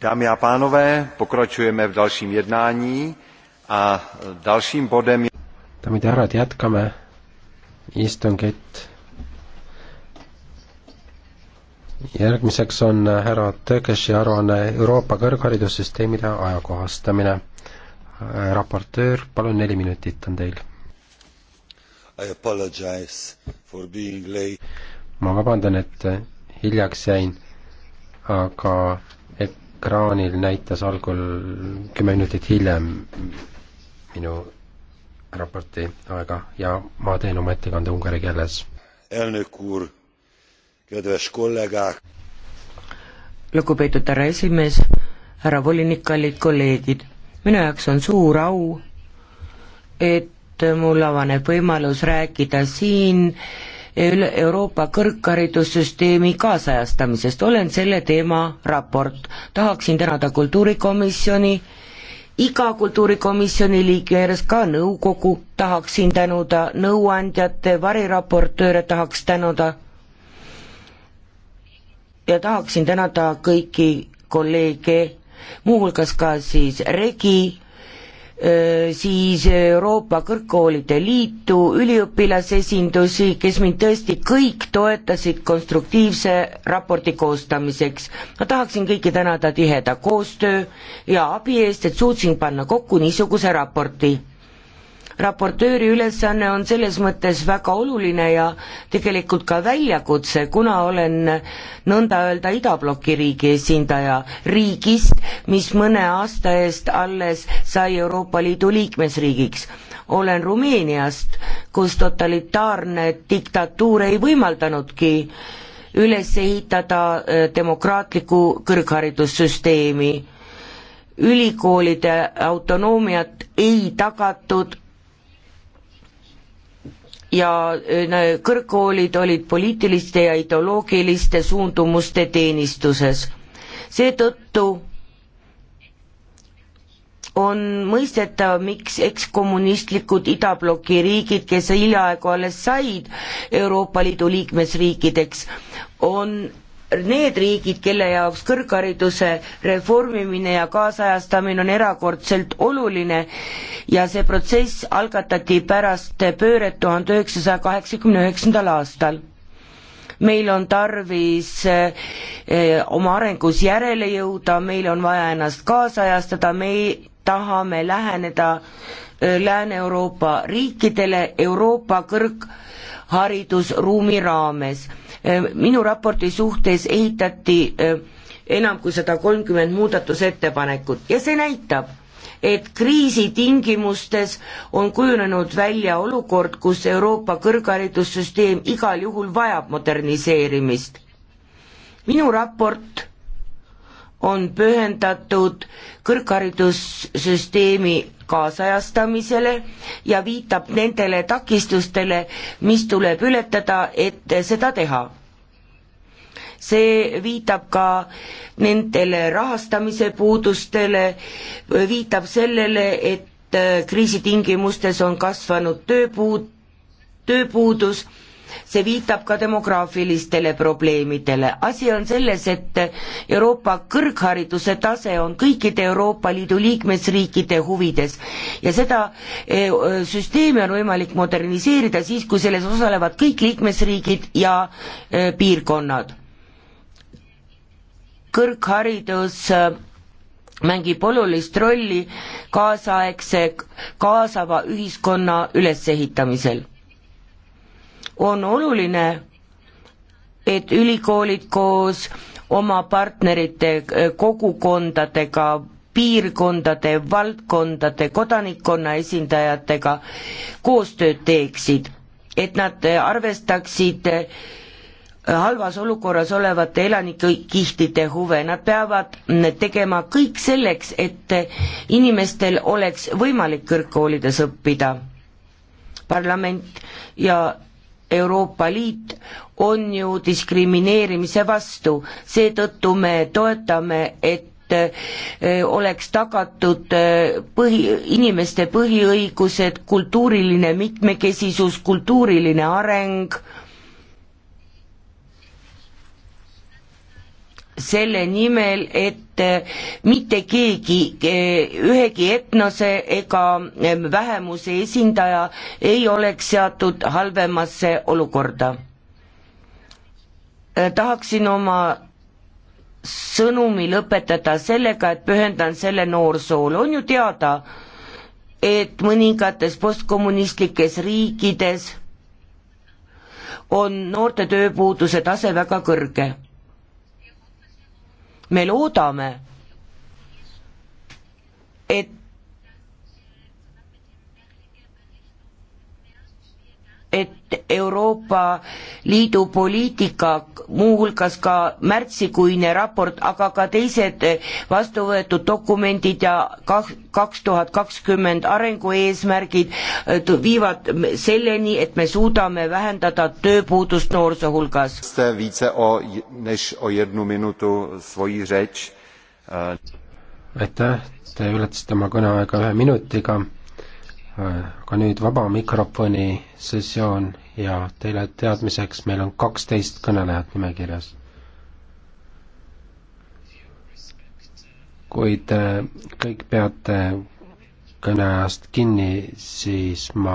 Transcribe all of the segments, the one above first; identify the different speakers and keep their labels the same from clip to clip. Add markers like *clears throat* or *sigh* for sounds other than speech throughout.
Speaker 1: Dámy a pánové, pokračujeme v dalším jednání a dalším bodem je...
Speaker 2: daamid ja härrad, jätkame istungit. järgmiseks on härra Tökeši aruanne Euroopa kõrgharidussüsteemide ajakohastamine. raportöör, palun neli minutit on teil. ma vabandan, et hiljaks jäin, aga ekraanil näitas algul kümme minutit hiljem minu raporti aega ja ma teen oma ettekande ungari keeles.
Speaker 3: lugupeetud härra esimees, härra volinik, kallid kolleegid, minu jaoks on suur au, et mul avaneb võimalus rääkida siin äh, üle Euroopa kõrgharidussüsteemi kaasajastamisest, olen selle teema raport. tahaksin tänada Kultuurikomisjoni, iga Kultuurikomisjoni liikme juures, ka nõukogu, tahaksin tänuda nõuandjate, variraportööre tahaks tänuda ja tahaksin tänada kõiki kolleege, muuhulgas ka siis Regi, siis Euroopa Kõrgkoolide Liitu, üliõpilasesindusi, kes mind tõesti kõik toetasid konstruktiivse raporti koostamiseks. ma tahaksin kõiki tänada tiheda koostöö ja abi eest, et suutsin panna kokku niisuguse raporti raportööri ülesanne on selles mõttes väga oluline ja tegelikult ka väljakutse, kuna olen nõnda öelda idabloki riigi esindaja riigist, mis mõne aasta eest alles sai Euroopa Liidu liikmesriigiks. olen Rumeeniast, kus totalitaarne diktatuur ei võimaldanudki üles ehitada äh, demokraatlikku kõrgharidussüsteemi ülikoolide autonoomiat ei tagatud, ja äh, kõrgkoolid olid poliitiliste ja ideoloogiliste suundumuste teenistuses. seetõttu on mõistetav, miks ekskommunistlikud idabloki riigid, kes hiljaaegu alles said Euroopa Liidu liikmesriikideks, on need riigid, kelle jaoks kõrghariduse reformimine ja kaasajastamine on erakordselt oluline ja see protsess algatati pärast pööret tuhande üheksasaja kaheksakümne üheksandal aastal. meil on tarvis eh, eh, oma arengus järele jõuda, meil on vaja ennast kaasajastada, me tahame läheneda eh, Lääne-Euroopa riikidele Euroopa kõrgharidusruumi raames Eh, minu raporti suhtes ehitati eh, enam kui sada kolmkümmend muudatusettepanekut ja see näitab, et kriisi tingimustes on kujunenud välja olukord, kus Euroopa kõrgharidussüsteem igal juhul vajab moderniseerimist. minu raport on pühendatud kõrgharidussüsteemi kaasajastamisele ja viitab nendele takistustele, mis tuleb ületada, et seda teha. see viitab ka nendele rahastamise puudustele, viitab sellele, et kriisitingimustes on kasvanud tööpuud, tööpuudus see viitab ka demograafilistele probleemidele. asi on selles, et Euroopa kõrghariduse tase on kõikide Euroopa Liidu liikmesriikide huvides ja seda e, süsteemi on võimalik moderniseerida siis, kui selles osalevad kõik liikmesriigid ja e, piirkonnad. kõrgharidus e, mängib olulist rolli kaasaegse kaasava ühiskonna ülesehitamisel on oluline, et ülikoolid koos oma partnerite, eh, kogukondadega, piirkondade, valdkondade, kodanikkonna esindajatega koostööd teeksid, et nad eh, arvestaksid eh, halvas olukorras olevate elanikkihtide huve, nad peavad mm, tegema kõik selleks, et inimestel oleks võimalik kõrgkoolides õppida. parlament ja Euroopa Liit on ju diskrimineerimise vastu, seetõttu me toetame, et eh, oleks tagatud eh, põhi, inimeste põhiõigused, kultuuriline mitmekesisus, kultuuriline areng, selle nimel, et eh, mitte keegi, eh, ühegi etnose ega eh, vähemuse esindaja ei oleks seatud halvemasse olukorda. tahaksin oma sõnumi lõpetada sellega, et pühendan selle noorsoole, on ju teada, et mõningates postkommunistlikes riikides on noorte tööpuuduse tase väga kõrge me loodame, et et Euroopa Liidu poliitika, muuhulgas ka märtsikuine raport, aga ka teised vastu võetud dokumendid ja kaks tuhat kakskümmend arengueesmärgid äh, viivad selleni, et me suudame vähendada tööpuudust noorsoo hulgas.
Speaker 2: aitäh, te ületasite oma kõneaega ühe minutiga ka nüüd vaba mikrofoni sessioon ja teile teadmiseks, meil on kaksteist kõnelejat nimekirjas. kui te kõik peate kõneajast kinni, siis ma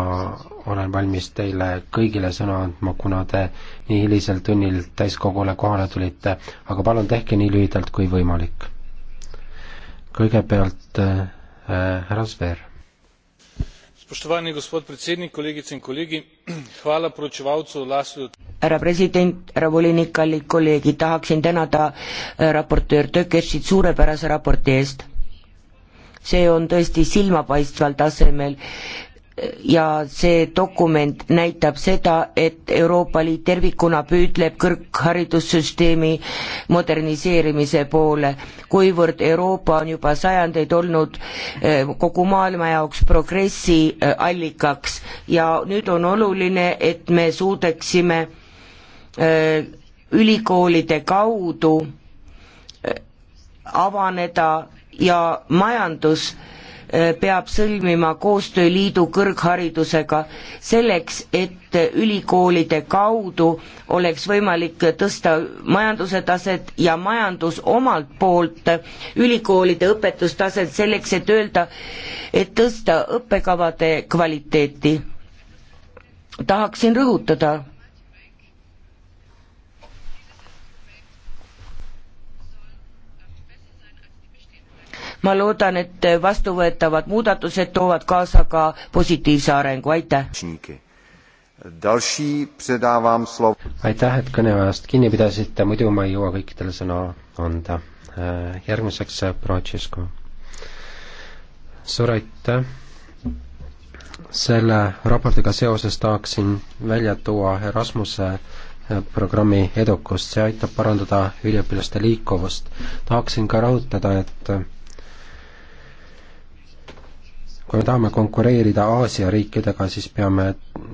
Speaker 2: olen valmis teile kõigile sõna andma, kuna te nii hilisel tunnil täiskogule kohale tulite, aga palun tehke nii lühidalt kui võimalik. kõigepealt äh, härra äh, Sver
Speaker 1: spoštovani gospod predsednik kolegice in kolegi *clears throat* hvala poročevalcu laszlo
Speaker 3: härra president härra volinik kallid kolleegid tahaksin tänada eh, raportöör tökesit suurepärase raporti eest see on tõesti silmapaistval tasemel ja see dokument näitab seda, et Euroopa Liit tervikuna püüdleb kõrgharidussüsteemi moderniseerimise poole, kuivõrd Euroopa on juba sajandeid olnud eh, kogu maailma jaoks progressi eh, allikaks ja nüüd on oluline, et me suudaksime eh, ülikoolide kaudu avaneda ja majandus äh, Äh, peab sõlmima koostööliidu kõrgharidusega selleks, et ülikoolide kaudu oleks võimalik tõsta majanduse taset ja majandus omalt poolt ülikoolide õpetustaset selleks, et öelda, et tõsta õppekavade kvaliteeti. tahaksin rõhutada ma loodan, et vastuvõetavad muudatused toovad kaasa ka positiivse arengu, aitäh!
Speaker 2: aitäh, et kõneajast kinni pidasite, muidu ma ei jõua kõikidele sõna anda. Äh, järgmiseks Protšesko. Äh, suur aitäh! selle raportiga seoses tahaksin välja tuua Erasmuse äh, programmi edukust, see aitab parandada üliõpilaste liikuvust. tahaksin ka rõhutada, et kui me tahame konkureerida Aasia riikidega, siis peame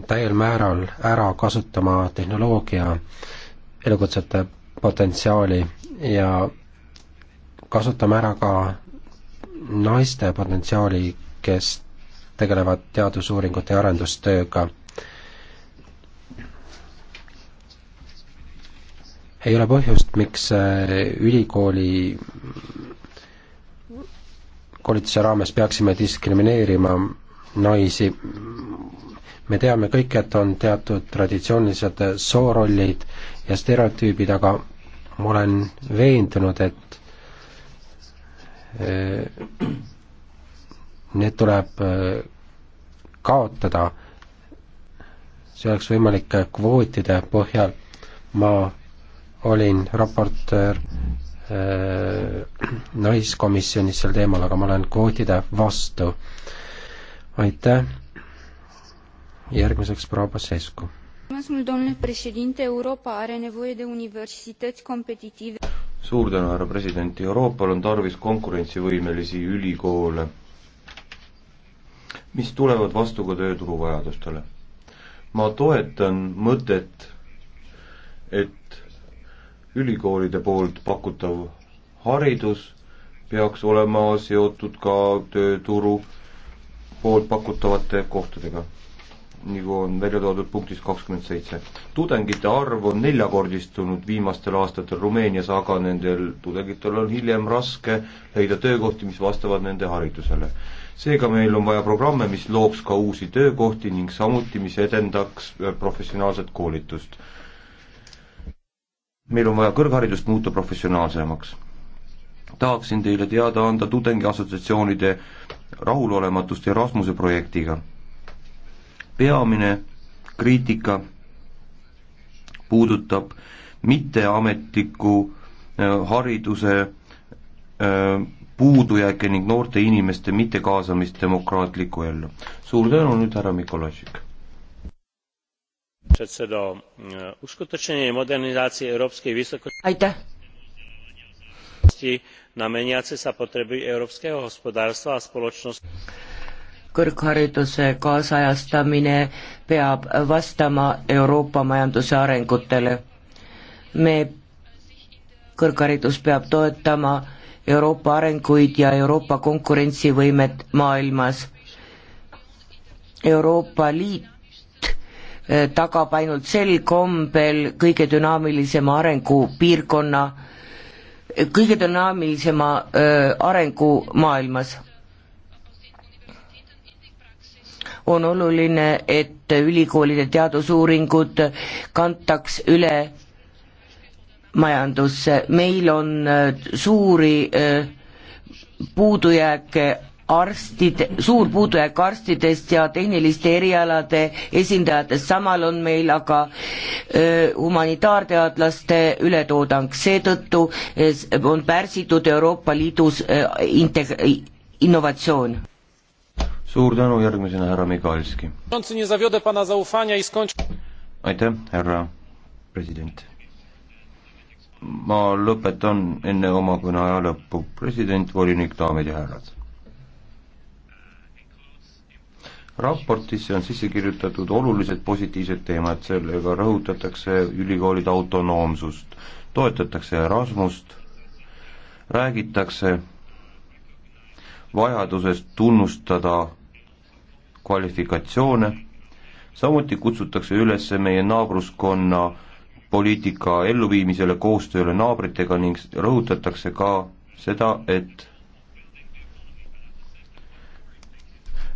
Speaker 2: täiel määral ära kasutama tehnoloogia elukutsete potentsiaali ja kasutame ära ka naiste potentsiaali, kes tegelevad teadusuuringute ja arendustööga. ei ole põhjust, miks äh, ülikooli koolituse raames peaksime diskrimineerima naisi. me teame kõik, et on teatud traditsioonilised soorollid ja stereotüübid, aga ma olen veendunud, et eh, need tuleb eh, kaotada, see oleks võimalik kvootide põhjal. ma olin raportöör äh, Äh, naiskomisjonis sel teemal, aga ma olen kvootide vastu. aitäh. järgmiseks proua Pasescu.
Speaker 1: suur tänu, härra president, Euroopal on tarvis konkurentsivõimelisi ülikoole, mis tulevad vastu ka tööturu vajadustele. ma toetan mõtet, et ülikoolide poolt pakutav haridus peaks olema seotud ka tööturu poolt pakutavate kohtadega, nagu on välja toodud punktis kakskümmend seitse. tudengite arv on neljakordistunud viimastel aastatel Rumeenias, aga nendel tudengitel on hiljem raske leida töökohti, mis vastavad nende haridusele. seega meil on vaja programme, mis looks ka uusi töökohti ning samuti, mis edendaks professionaalset koolitust meil on vaja kõrgharidust muuta professionaalsemaks. tahaksin teile teada anda tudengiassotsiatsioonide rahulolematust Erasmuse projektiga. peamine kriitika puudutab mitteametliku äh, hariduse äh, puudujääke ning noorte inimeste mittekaasamist demokraatlikku ellu. suur tänu nüüd, härra Mikolašik!
Speaker 2: Eh, uskutočnenie modernizácie európskej vysokoškolskej na meniace sa potreby európskeho hospodárstva a spoločnosti
Speaker 3: kõrghariduse kaasajastamine peab vastama Euroopa majanduse arengutele. me, kõrgharidus peab toetama Euroopa arenguid ja Euroopa konkurentsivõimet maailmas. Euroopa Liit Eh, tagab ainult sel kombel kõige dünaamilisema arengu piirkonna, kõige dünaamilisema eh, arengu maailmas. on oluline, et ülikoolide teadusuuringud kantaks üle majandusse, meil on eh, suuri puudujääke arstid, suur puudujääk arstidest ja tehniliste erialade esindajatest, samal on meil aga öö, humanitaarteadlaste ületoodang, seetõttu on pärsitud Euroopa Liidus öö, integ-, innovatsioon.
Speaker 1: suur tänu, järgmisena härra Mikalski. aitäh, härra president ma lõpetan enne oma kõne aja lõppu. president, volinik, daamid ja härrad raportisse on sisse kirjutatud olulised positiivsed teemad, sellega rõhutatakse ülikoolide autonoomsust, toetatakse Erasmust, räägitakse vajadusest tunnustada kvalifikatsioone, samuti kutsutakse üles meie naabruskonna poliitika elluviimisele, koostööle naabritega ning rõhutatakse ka seda, et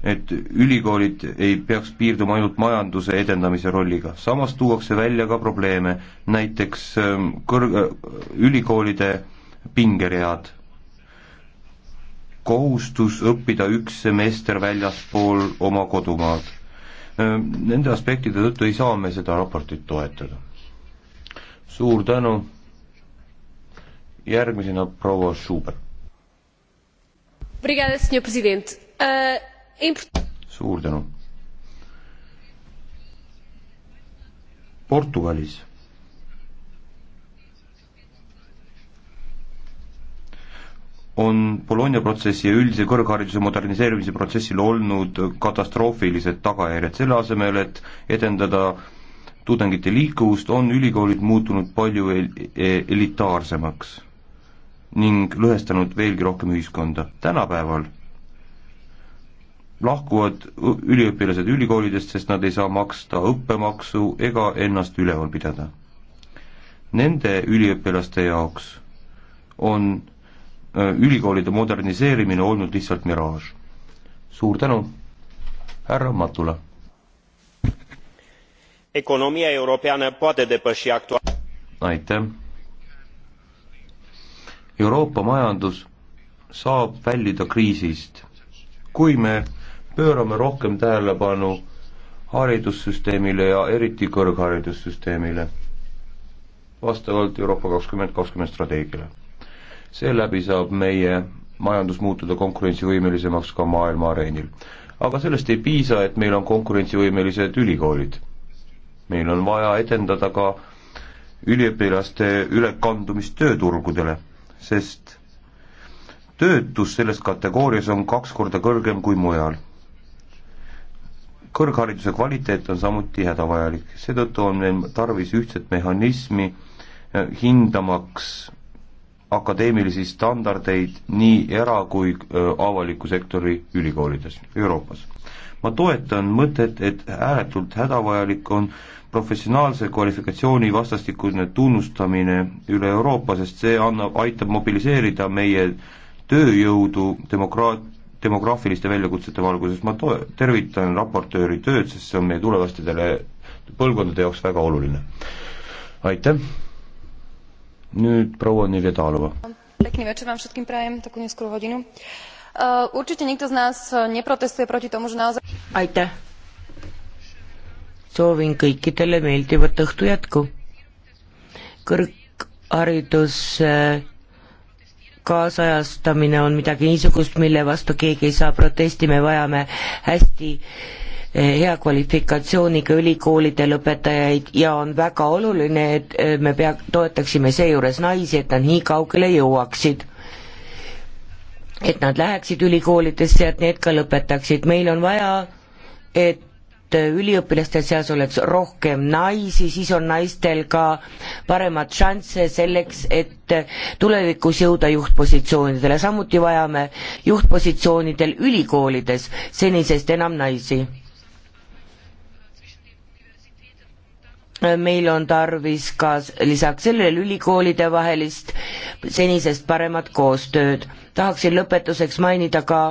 Speaker 1: et ülikoolid ei peaks piirduma ainult majanduse edendamise rolliga, samas tuuakse välja ka probleeme, näiteks ähm, kõrg-, äh, ülikoolide pingeread, kohustus õppida üks semester väljaspool oma kodumaad. Ähm, nende aspektide tõttu ei saa me seda raportit toetada. suur tänu, järgmisena proua Schubert.
Speaker 2: Obrigada, senhor presidente. Uh,
Speaker 1: suur tänu. Portugalis on Bologna protsessi ja üldise kõrghariduse moderniseerimise protsessil olnud katastroofilised tagajärjed, selle asemel, et edendada tudengite liikuvust, on ülikoolid muutunud palju el-, e-, elitaarsemaks ning lõhestanud veelgi rohkem ühiskonda. tänapäeval lahkuvad üliõpilased ülikoolidest, sest nad ei saa maksta õppemaksu ega ennast üleval pidada. Nende üliõpilaste jaoks on äh, ülikoolide moderniseerimine olnud lihtsalt miraaž. suur tänu, härra Matula!
Speaker 2: economia europeană poate depăși actual...
Speaker 1: aitäh! Euroopa majandus saab väljuda kriisist, kui me pöörame rohkem tähelepanu haridussüsteemile ja eriti kõrgharidussüsteemile vastavalt Euroopa kakskümmend kakskümmend strateegiale. seeläbi saab meie majandus muutuda konkurentsivõimelisemaks ka maailma areenil. aga sellest ei piisa, et meil on konkurentsivõimelised ülikoolid. meil on vaja edendada ka üliõpilaste ülekandumist tööturgudele, sest töötus selles kategoorias on kaks korda kõrgem kui mujal kõrghariduse kvaliteet on samuti hädavajalik, seetõttu on meil tarvis ühtset mehhanismi eh, hindamaks akadeemilisi standardeid nii era- kui eh, avaliku sektori ülikoolides Euroopas. ma toetan mõtet, et ääretult hädavajalik on professionaalse kvalifikatsiooni vastastikune tunnustamine üle Euroopa, sest see annab, aitab mobiliseerida meie tööjõudu demokraat-, demograafiliste väljakutsete valguses ma to-, tervitan raportööri tööd, sest see on meie tulevastele põlvkondade jaoks väga oluline. aitäh, nüüd proua Nevedalova. Pekný večer vám všetkým prajem, takú neskôr hodinu. Uh, určite nikto z nás neprotestuje proti tomu, že naozaj... Aitäh!
Speaker 3: Soovin kõikidele meeldivat õhtu jätku. Kõrgharidus äh, kaasajastamine on midagi niisugust, mille vastu keegi ei saa protesti, me vajame hästi eh, hea kvalifikatsiooniga ülikoolide lõpetajaid ja on väga oluline, et eh, me pea-, toetaksime seejuures naisi, et nad nii kaugele jõuaksid. et nad läheksid ülikoolidesse, et need ka lõpetaksid, meil on vaja, et üliõpilaste seas oleks rohkem naisi, siis on naistel ka paremad šansse selleks, et tulevikus jõuda juhtpositsioonidele, samuti vajame juhtpositsioonidel ülikoolides senisest enam naisi. meil on tarvis ka lisaks sellele ülikoolide vahelist senisest paremat koostööd. tahaksin lõpetuseks mainida ka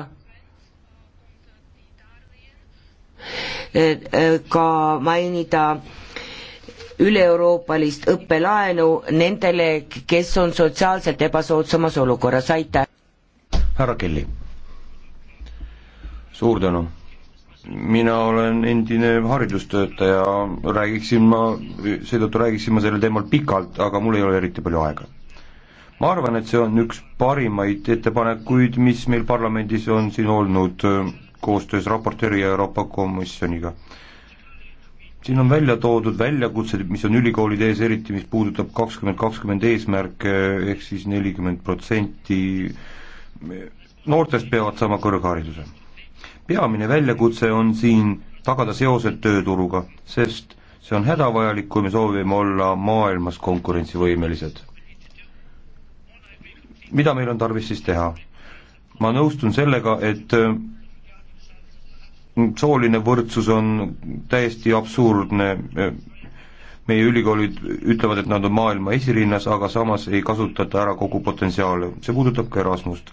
Speaker 3: ka mainida üle-euroopalist õppelaenu nendele, kes on sotsiaalselt ebasoodsamas olukorras, aitäh!
Speaker 1: härra Kelly. suur tänu! mina olen endine haridustöötaja, räägiksin ma, seetõttu räägiksin ma sellel teemal pikalt, aga mul ei ole eriti palju aega. ma arvan, et see on üks parimaid ettepanekuid, mis meil parlamendis on siin olnud koostöös raportööri ja Euroopa Komisjoniga. siin on välja toodud väljakutsed, mis on ülikoolide ees, eriti mis puudutab kakskümmend kakskümmend eesmärke, ehk siis nelikümmend protsenti noortest peavad saama kõrghariduse. peamine väljakutse on siin tagada seosed tööturuga, sest see on hädavajalik, kui me soovime olla maailmas konkurentsivõimelised. mida meil on tarvis siis teha? ma nõustun sellega, et sooline võrdsus on täiesti absurdne, meie ülikoolid ütlevad, et nad on maailma esirinnas, aga samas ei kasutata ära kogu potentsiaali, see puudutab ka Erasmust.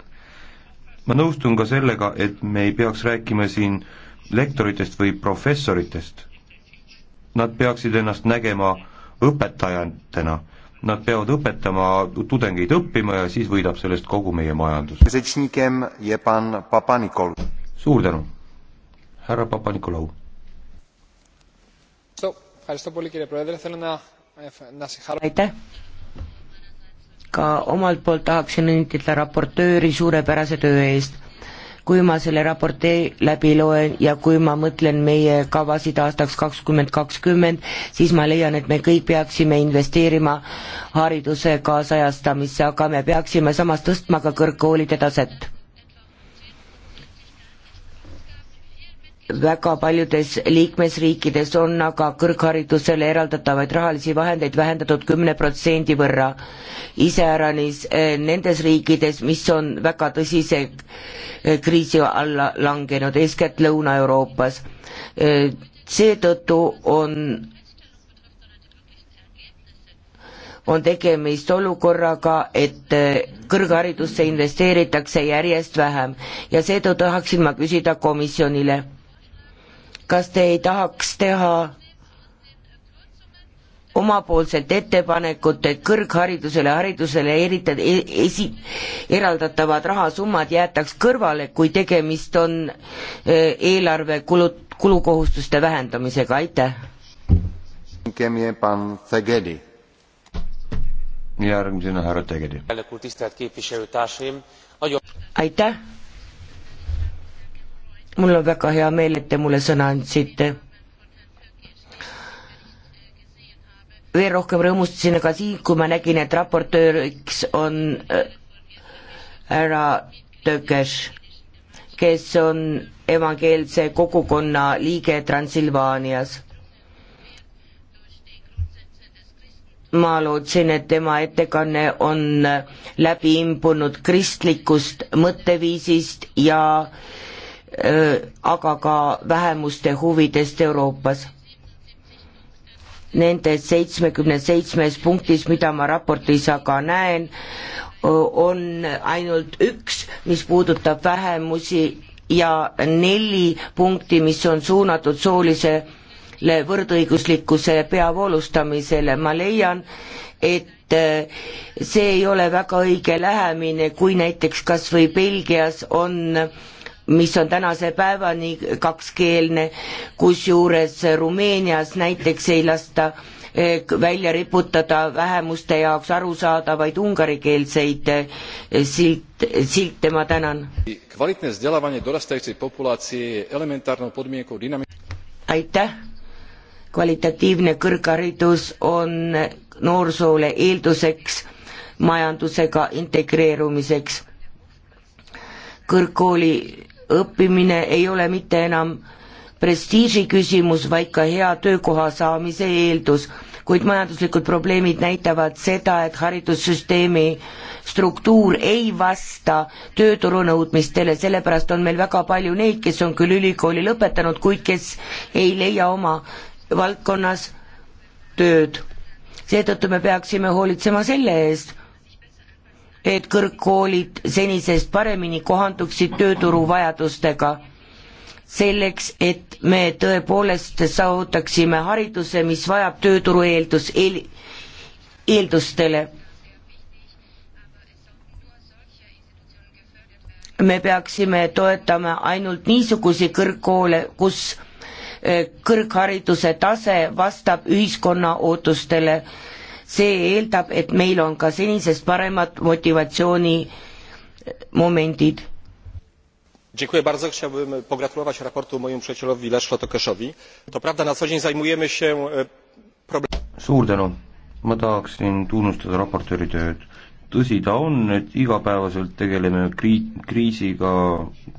Speaker 1: ma nõustun ka sellega, et me ei peaks rääkima siin lektoritest või professoritest, nad peaksid ennast nägema õpetajatena, nad peavad õpetama tudengeid õppima ja siis võidab sellest kogu meie majandus. suur tänu! härra Papa-Nikolau.
Speaker 3: aitäh! ka omalt poolt tahaksin õnnitleda raportööri suurepärase töö eest. kui ma selle raporti läbi loen ja kui ma mõtlen meie kavasid aastaks kakskümmend kakskümmend, siis ma leian, et me kõik peaksime investeerima hariduse kaasajastamisse, aga me peaksime samas tõstma ka kõrgkoolide taset väga paljudes liikmesriikides on aga kõrgharidusele eraldatavaid rahalisi vahendeid vähendatud kümne protsendi võrra. iseäranis eh, nendes riikides, mis on väga tõsise eh, kriisi alla langenud, eeskätt Lõuna-Euroopas. Eh, seetõttu on on tegemist olukorraga, et kõrgharidusse investeeritakse järjest vähem ja seetõttu tahaksin ma küsida komisjonile kas te ei tahaks teha omapoolset ettepanekut, et kõrgharidusele, haridusele erita-, e-, esi-, eraldatavad rahasummad jäetaks kõrvale, kui tegemist on e, eelarve kulu, kulukohustuste vähendamisega, aitäh!
Speaker 1: järgmisena härra Tegedi.
Speaker 3: aitäh! mul on väga hea meel, et te mulle sõna andsite. veel rohkem rõõmustasin aga siis, kui ma nägin, et raportööriks on äh, härra Tökes, kes on evangeelse kogukonna liige Transilvaanias. ma lootsin, et tema ettekanne on äh, läbi imbunud kristlikust mõtteviisist ja äh, Äh, aga ka vähemuste huvidest Euroopas. Nendes seitsmekümne seitsmes punktis, mida ma raportis aga näen, on ainult üks, mis puudutab vähemusi ja neli punkti, mis on suunatud soolisele võrdõiguslikkuse peavoolustamisele, ma leian, et see ei ole väga õige lähemine, kui näiteks kas või Belgias on äh, mis on tänase päevani kakskeelne, kusjuures Rumeenias näiteks ei lasta eh, välja riputada vähemuste jaoks arusaadavaid ungarikeelseid eh, silt, silte, ma tänan.
Speaker 2: kvaliteetne vzdelavanje dorastajatsi populatsiooni elementaarne podmienku dinami-.
Speaker 3: aitäh, kvalitatiivne kõrgharidus on noorsoole eelduseks majandusega integreerumiseks. kõrgkooli õppimine ei ole mitte enam prestiiži küsimus, vaid ka hea töökoha saamise eeldus, kuid majanduslikud probleemid näitavad seda, et haridussüsteemi struktuur ei vasta tööturu nõudmistele, sellepärast on meil väga palju neid, kes on küll ülikooli lõpetanud, kuid kes ei leia oma valdkonnas tööd. seetõttu me peaksime hoolitsema selle eest et kõrgkoolid senisest paremini kohanduksid tööturu vajadustega. selleks, et me tõepoolest saavutaksime hariduse, mis vajab tööturu eeldus eel,, eeldustele. me peaksime toetama ainult niisuguseid kõrgkoole, kus eh, kõrghariduse tase vastab ühiskonna ootustele see eeldab, et meil on ka senisest paremad motivatsioonimomendid.
Speaker 1: Dziękuję bardzo. Chciałbym pogratulować raportu mojemu przyjacielowi Leszlo Tokeszowi.
Speaker 2: To prawda, na co dzień zajmujemy się e,
Speaker 1: problemem... Suur tänu. Ma tahaksin tunnustada raportööri tööd. Tõsi ta on, et igapäevaselt tegeleme kri-, kriisiga,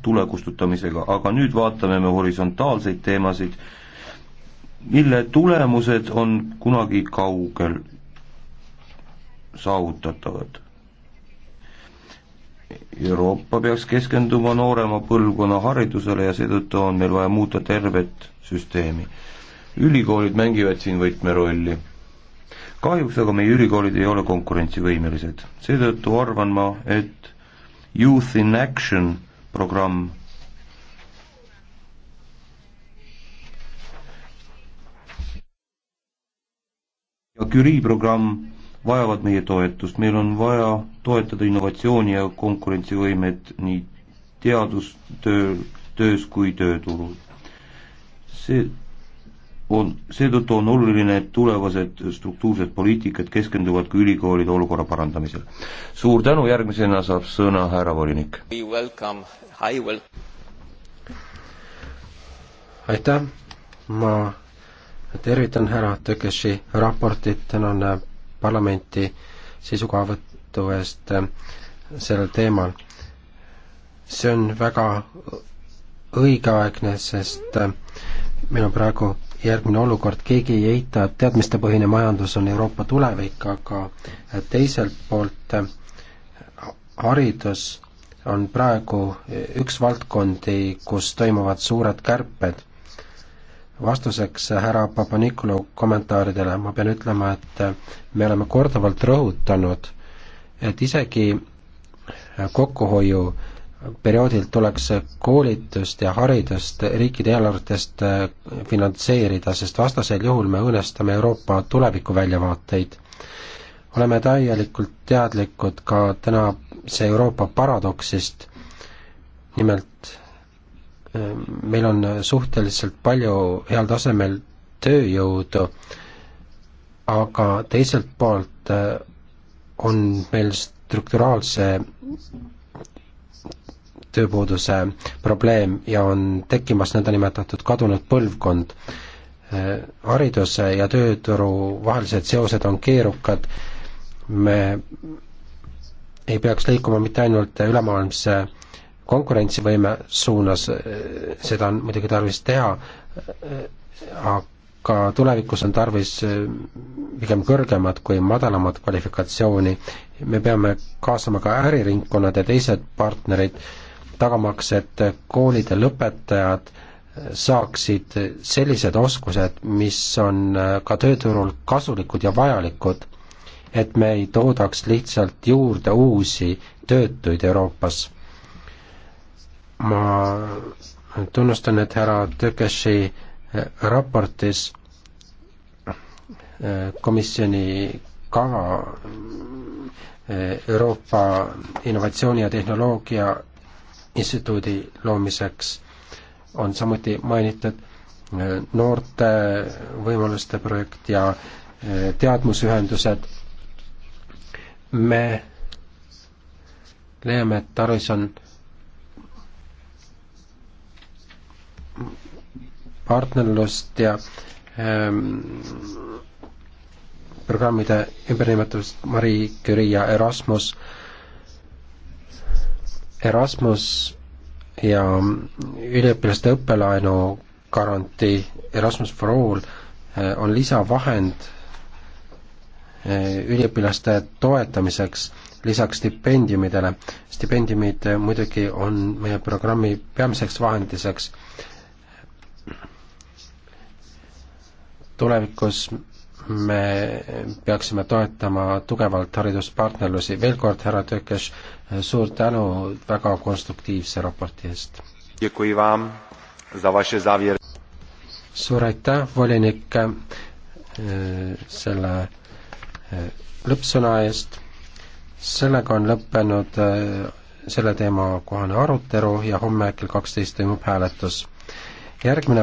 Speaker 1: tule kustutamisega, aga nüüd vaatame me horisontaalseid teemasid, mille tulemused on kunagi kaugel saavutatavad. Euroopa peaks keskenduma noorema põlvkonna haridusele ja seetõttu on meil vaja muuta tervet süsteemi. ülikoolid mängivad siin võtmerolli. kahjuks aga meie ülikoolid ei ole konkurentsivõimelised, seetõttu arvan ma, et Youth in Action programm ja Curie programm vajavad meie toetust, meil on vaja toetada innovatsiooni ja konkurentsivõimet nii teadustöö, töös kui tööturul. see on, seetõttu on oluline, et tulevased struktuursed poliitikad keskenduvad ka ülikoolide olukorra parandamisele. suur tänu, järgmisena saab sõna härra volinik.
Speaker 2: aitäh, ma tervitan härra Tökeši raportit, tänan äh, parlamenti seisukohavõtu eest äh, sellel teemal. see on väga õigeaegne, sest äh, meil on praegu järgmine olukord, keegi ei eita, et teadmistepõhine majandus on Euroopa tulevik, aga äh, teiselt poolt haridus on praegu üks valdkondi, kus toimuvad suured kärped vastuseks härra Papanikulu kommentaaridele ma pean ütlema, et me oleme korduvalt rõhutanud, et isegi kokkuhoiu perioodil tuleks koolitust ja haridust riikide eelarvetest finantseerida, sest vastasel juhul me õõnestame Euroopa tulevikuväljavaateid. oleme täielikult teadlikud ka tänase Euroopa paradoksist, nimelt meil on suhteliselt palju heal tasemel tööjõudu, aga teiselt poolt äh, on meil strukturaalse tööpuuduse probleem ja on tekkimas nõndanimetatud kadunud põlvkond. Äh, hariduse ja tööturu vahelised seosed on keerukad, me ei peaks liikuma mitte ainult ülemaailmse konkurentsivõime suunas, eh, seda on muidugi tarvis teha, eh, aga tulevikus on tarvis eh, pigem kõrgemat kui madalamat kvalifikatsiooni. me peame kaasama ka äriringkonnad ja teised partnerid, tagamaks, et koolide lõpetajad saaksid sellised oskused, mis on ka tööturul kasulikud ja vajalikud, et me ei toodaks lihtsalt juurde uusi töötuid Euroopas ma tunnustan, et härra Tökeši eh, raportis eh, komisjoni kava eh, Euroopa Innovatsiooni ja Tehnoloogia Instituudi loomiseks on samuti mainitud noorte võimaluste projekt ja teadmusühendused. me leiame, et tarvis on äh, partnerlust ja ähm, programmide ümbernimetamist Marie Curie ja Erasmus. Erasmus ja üliõpilaste õppelaenu garantii Erasmus for All äh, on lisavahend äh, üliõpilaste toetamiseks lisaks stipendiumidele. stipendiumid äh, muidugi on meie programmi peamiseks vahendiseks tulevikus me peaksime toetama tugevalt hariduspartnerlusi. veel kord, härra Tökes, suur tänu väga konstruktiivse raporti eest. suur aitäh, volinik, äh, selle äh, lõppsõna eest. sellega on lõppenud äh, selle teema kohane arutelu ja homme kell kaksteist toimub hääletus. järgmine